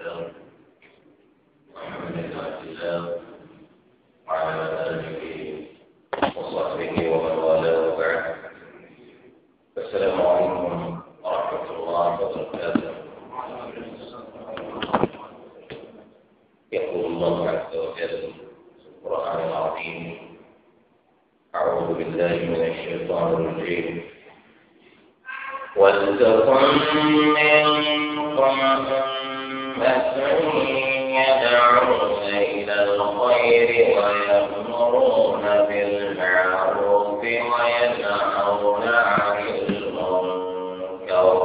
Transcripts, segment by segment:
الله السلام عليكم ورحمة الله وبركاته يقول الله عز وجل في القرآن العظيم أعوذ بالله من الشيطان منكم أمة يدعون إلى الخير ويأمرون بالمعروف وينهون عن المنكر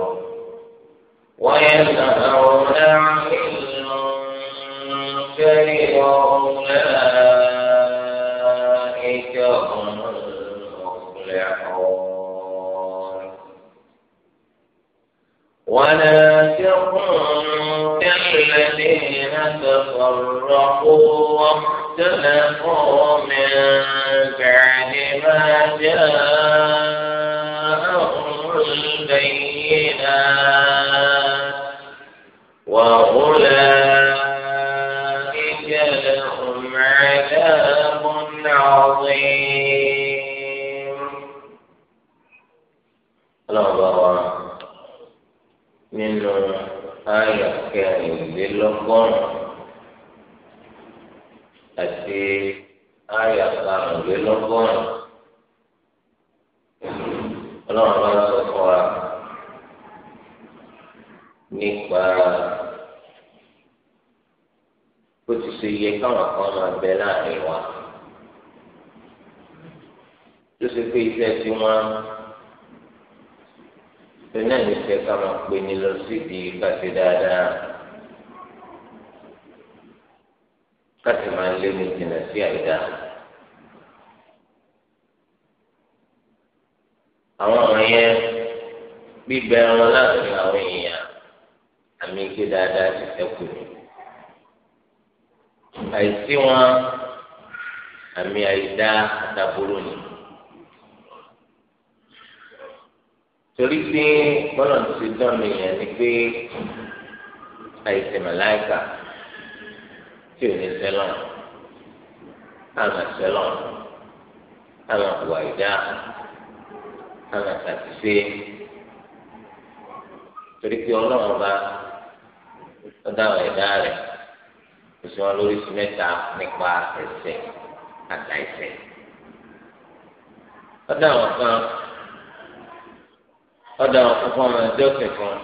وينهون عن المنكر وأولئك تفرقوا واختلفوا من بعد ما جاءهم البينات وأولئك لهم عذاب عظيم الله من آية كريم للقرآن àti àyà karùnlélọ́gọ́rùn. ọlọ́run bá sọ fún wa nípa bó ti ṣe yẹ káwọn kan máa bẹ láàrin wa. tó ṣe pé iṣẹ́ tí wọ́n ṣe náà ní iṣẹ́ ká pè ní lọ sídìí kàṣe dáadáa. láti máa lé ní jìnnà sí àìdá. àwọn ọmọ yẹn gbígbẹ ẹran láàrin àwọn èèyàn àmì ike dáadáa ti ṣẹ́kù ni. àìsí wọn àmì àìdá àtàbúrò ni. torí pé bọ́lá ti dán mi yẹn ni pé àìsí màláìka tí ò ní sẹlọn àmà sẹlọn àmà wà ìdá àmà sàtìsẹ torí pé ọlọ́run bá ọdá wà ìdá rẹ oṣù wọn lórí sí mẹ́ta nípa ẹsẹ̀ àtà ẹsẹ̀ ọdá wọn kan ọdá wọn kó fún ọmọ ẹjọ́ kẹfọn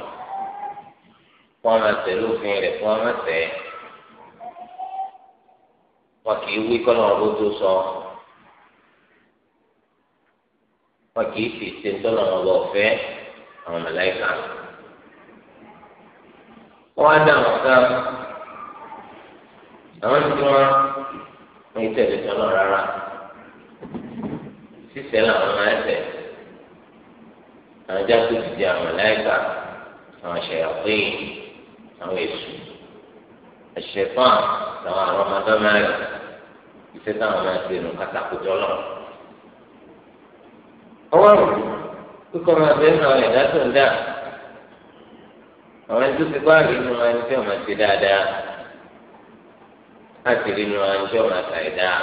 fún ọmọ ẹsẹ̀ lófin rẹ fún ọmọ ẹsẹ̀ wọn kì í wí kọ́nà ọ̀rọ̀ tó sọ wọn kì í sì ṣe ńtọ́nà ọ̀rọ̀ ọ̀fẹ́ àwọn mẹ̀láìkà wọn á dá àwọn kan àwọn tí wọn wọn tẹ̀lé tọ́nà rárá sísẹ́ làwọn máa ń tẹ̀ àwọn jákèjì di àwọn mẹ̀láìkà àwọn ṣẹ̀yà péye àwọn èṣù ẹ̀ṣẹ̀fọ́n làwọn àwọn ọmọdé mẹ́rin iṣẹ́ táwọn máa ṣe nù kátàkùjọ lọ. ọwọ́ rò kíkọ́ máa bẹ́ẹ̀ náà ẹ̀dá tó ń dà àwọn ẹni tó ti bá rí nínú ẹni tí wọ́n máa ṣe dáadáa láti rí nínú ẹni tí wọ́n máa ṣàì dáa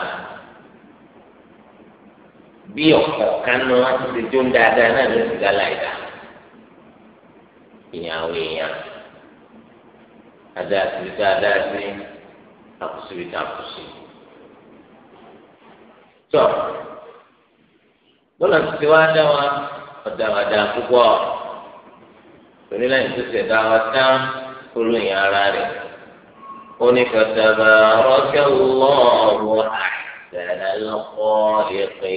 bí ọ̀pọ̀ kánú láti ṣe jó ń dáadáa náà ló ti dá láì dá ìyàwó ìyàwó adáàsí bí tá adáàsí àkùsí bí tá àkùsí. tó bọ́lá ti wá dá wa ọ̀dà àdá púpọ̀ onílẹ̀yìn tó ṣẹ̀dá wa tán olóyìn ara rẹ̀ oníkàtàbà rọ́kẹ́ lọ́ọ̀rọ̀ àtẹ̀lẹ́ lọ́kọ́ ìpè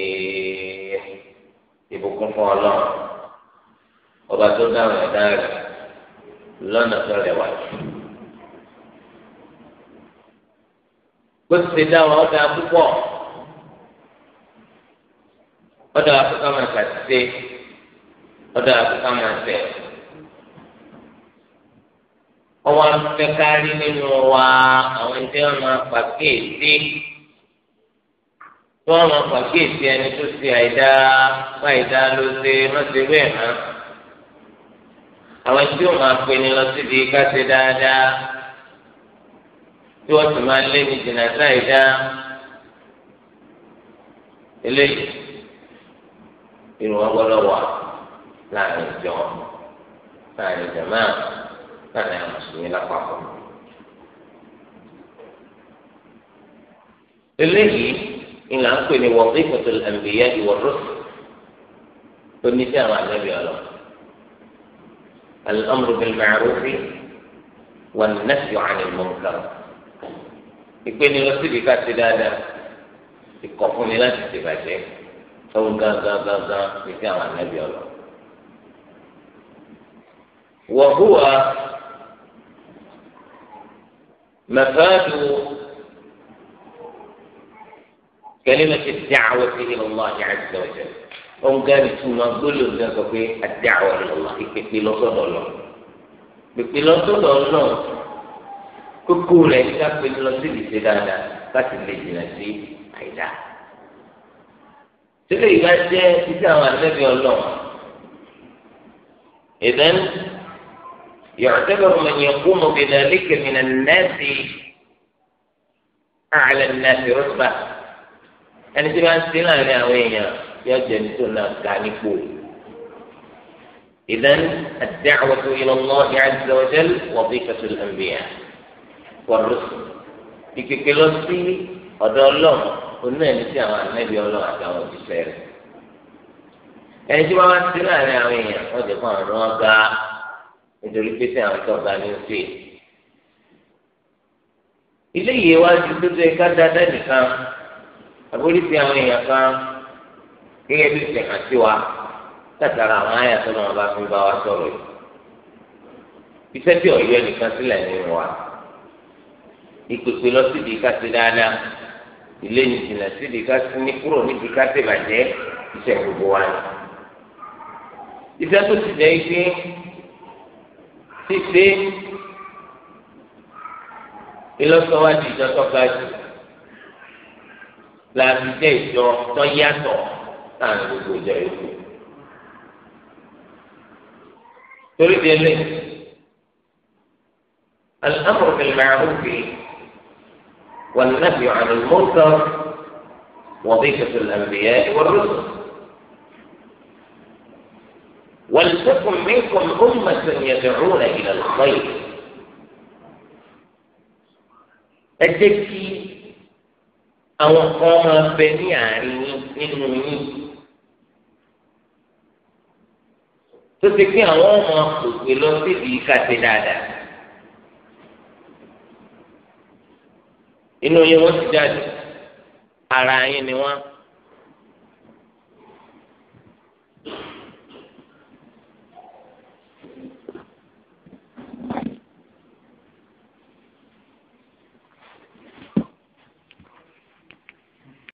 ìbùkún fún ọlọ́run ọba tó dáhùn ẹ̀dá rẹ̀ lọ́nà tó rẹwà jù. bó ti ṣe dá wa ó dáa púpọ̀ ó dáa púpọ̀ máa ṣàtìṣe ó dáa púpọ̀ máa ṣẹ̀ nínú wa àwọn ẹni tí wọ́n máa pàkíyèsí tí wọ́n máa pàkíyèsí ẹni tó ṣe àìdá báyìí dá ló ṣe má ṣe bẹ́ẹ̀ mọ́ àwọn ẹni tí wọ́n máa pinnu lọ síbi ká ṣe dáadáa. tí wọ́n sì máa lé ní jìnnà sáì dá eléyìí irun ọgbọ́dọ̀ wà láàrin ìjọ láàrin ìjọba láàrin àwọn mùsùlùmí lápapọ̀. eléyìí ìlà ń pè ní wazifatul anbiya'i war rusul tó ní sí àgbẹ̀bí ànábì ọlọ al-amru bil ma'rufi wan nahyu 'anil ìpinnu lọ síbi ká ti dáadáa ìkọ̀ fún mi láti ti bàjẹ́ ọ̀hún gángan gángan ní sí àwọn ànábì ọ̀lọ́. وهو مفاد كلمة الدعوة إلى الله عز وجل òun gani tún ma gbólò ní ọsọ pé àdéhàwọ ìlọlọ ìpèpè lọsọdọ lọ pèpè lọsọdọ lọ kókó rẹ̀ ká pé lọ sí ìdíje dáadáa láti lè jìnnà sí àìdá. sílẹ̀ ìgbà jẹ́ títí àwọn àtẹ́bí ọlọ́run ìdán يعتبر من يقوم بذلك من الناس أعلى الناس رتبة ẹni tí wọn ti láàrin àwọn èèyàn yóò jẹ nítorí náà ká nípò إذن الدعوة إلى الله عز وجل وظيفة الأنبياء wọlọsùn ìkèké lọ sí ọ̀dọ̀ Ọlọ́run onú ẹni tí àwọn ànábì Ọlọ́run àti àwọn òṣìṣẹ́ rẹ̀ ẹni tí wọn bá ti láàrin àwọn èèyàn wọn jẹ fún àwọn ga nítorí pé sí àwọn tó ga ní oṣù ilé yìí wá ju tó ẹka dáadáa nìkan ka àwọn èèyàn kan gẹ́gẹ́ bí wa látara àwọn àyà tó náà bá fi bá wa sọ̀rọ̀ yìí tí ọ̀yọ́ nìkan sílẹ̀ ìpèpè lọ síbi káṣí dáadáa ilé nìjìnà síbi káṣí ní kúrò níbi káṣí bàjẹ́ iṣẹ́ gbogbo wa ni. ìfẹ́ tó ti jẹ́ pé ṣíṣe ìlọsọwájú ìjọ tó ga jù láti jẹ́ ìjọ tó yàtọ̀ láàrin gbogbo ìjọ yòókù. torí di ẹlẹ́yìn. الأمر بالمعروف والنفي عن المنكر وظيفة الأنبياء والرسل ولتكن منكم أمة يدعون إلى الخير أجدتي أو قام بني عني إنني تتكي أو ما أخذ بلوتي بيكا تدادا inú yín wọ́n ti jáde ara yín ni wọ́n